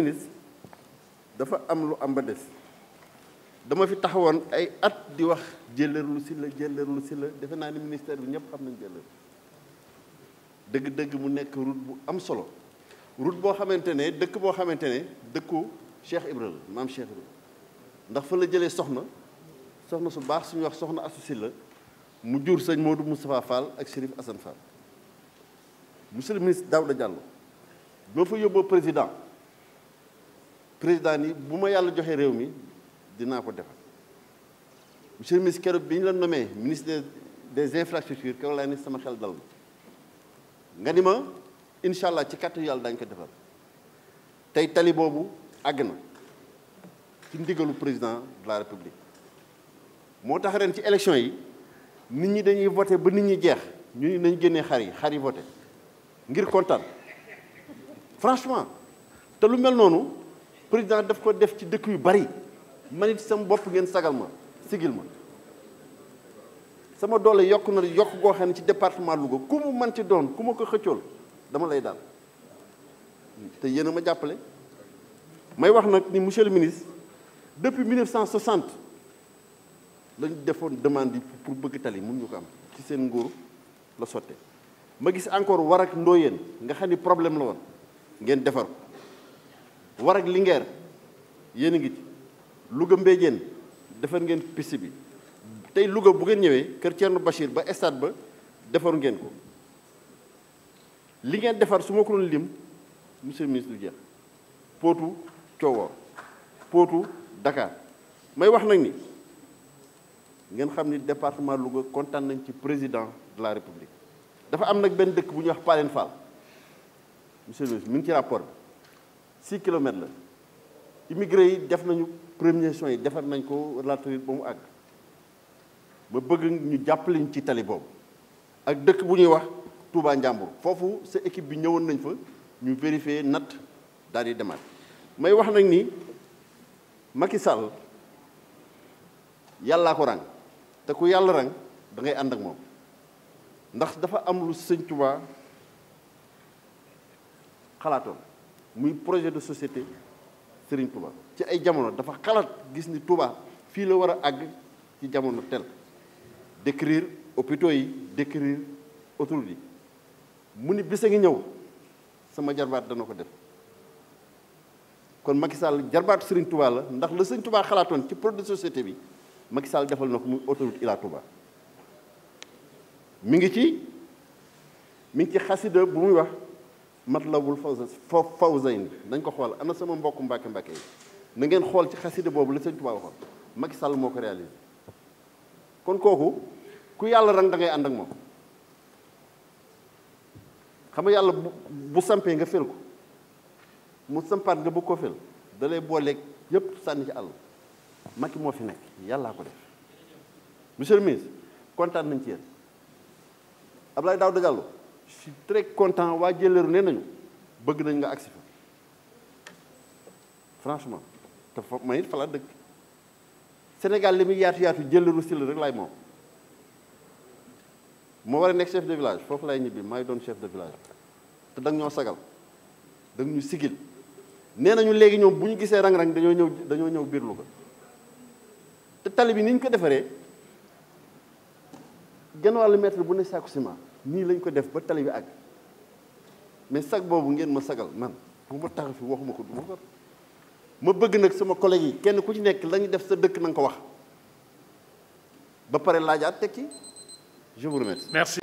ministre dafa am lu am ba des dama fi taxawoon ay at di wax jëlërlu si la jëlërlu si la defe naa ni ministère bi ñëpp xam nañ jëlër dëgg-dëgg mu nekk route bu am solo route boo xamante ne dëkk boo xamante ne dëkku Cheikh Ibra la maam Cheikh Ibra ndax fa la jëlee soxna soxna su baax suñu wax soxna Astou Sylla mu jur sëñ Modou Moustapha Fall ak Chérif Assane Fall monsieur le ministre Daouda Diallo boo fa yóbboo président président ni bu ma yàlla joxee réew mi dinaa ko defal monsieur le ministre bi ñu la nommé ministre des infrastructures keroog laa ni sama xel dal na nga ni ma incha allah ci kàttu yàlla daañu ko defal tey tali boobu àgg na ci ndigalu président de la république moo tax reen ci élection yi nit ñi dañuy voté ba nit ñi jeex ñu ni nañ génnee xar yi xar yi voté ngir kontaan franchement te lu mel noonu président daf ko def ci dëkk yu bari ma it sama bopp ngeen sagal ma sigil ma sama doole yokk na yokk goo xam ne ci département Louga ku mu man ci doon ku ma ko xëccool dama lay daal te yéen a ma jàppale may wax nag ni monsieur le ministre depuis cent 1960 lañu defoon demande yi pour bëgg tali mu ñu ko am ci seen nguur la sotte ma gis encore war ak ndoo ndooyeen nga xam ni problème la woon ngeen defar war ak Linguère yeen ngi ci PCB. Mbéjéen defar ngeen piste bi tey Louga bu ngeen ñëwee kër Thierno Bachir ba stade ba defar ngeen ko li ngeen defar suma ko lim monsieur ministre du jeex potu ciowo potu Dakar may wax nak ni ngeen xam ni département Louga kontaan nañ ci président de la République dafa am nak ben dëkk bu ñu wax Palen Fall monsieur ministre mi ci rapport six kilomètres la immigré yi def nañu premiers soins yi defar nañ ko latérite ba mu àgg ba bëgg ñu jàppaleñ ci tali boobu ak dëkk bu ñuy wax Touba Njàmbur foofu sa équipe bi ñëwoon nañ fa ñu vérifier natt daal di demaat may wax nag ni Macky Sall yàllaa ko rang te ku yàlla rang da ànd ak moom ndax dafa am lu sëñ Touba xalaatoon muy projet de société Serigne Touba ci ay jamono dafa xalat gis ni Touba fi la wara ag ci jamono tel décrire hôpitaux yi décrire autour yi muni ni sama jarbat dana ko def kon Macky Sall jarbat Serigne Touba la ndax le Serigne Touba ci projet de société bi Macky Sall defal nako muy autoroute Ila Touba mi ngi ci mi ngi ci bu muy wax mat la Matlabul Fawzayni dañ ko xool am na sama mbokku mbàkke mbàkke yi na ngeen xool ci xaside boobu la sëñ Tuubaa waxoon Macky Sall moo ko réalisé kon kooku ku yàlla rang da ànd ak moom xam nga yàlla bu sampee nga fel ko mu sampaat nga bëgg koo fel da lay booleeg yëpp sànni ci àll Macky moo fi nekk yàllaa ko def monsieur le kontaan nañ ci yéen Abdoulaye Daouda Diallo je suis très content waa jëleeru nee nañu bëgg nañ nga agsi fa franchement te fa ma it fa la dëkk Sénégal li muy yaatu yaatu jëleeru si rek laay moom moo war a nekk chef de village foofu lay ñibbi maay doon chef de village te danga ñoo sagal danga ñu sigil nee nañu léegi ñoom bu ñu gisee rang-rang dañoo ñëw dañoo ñëw biir Louga te tali bi ni ñu ko defaree genn wàllu bu ne saaku sima nii lañ ko def ba tali bi àgg mais sag boobu ngeen ma sagal man bu ma tax fi waxuma ko du ma ko ma bëgg nag sama collègue yi kenn ku ci nekk la def sa dëkk na ko wax ba pare laajaat tekki je vous remercie.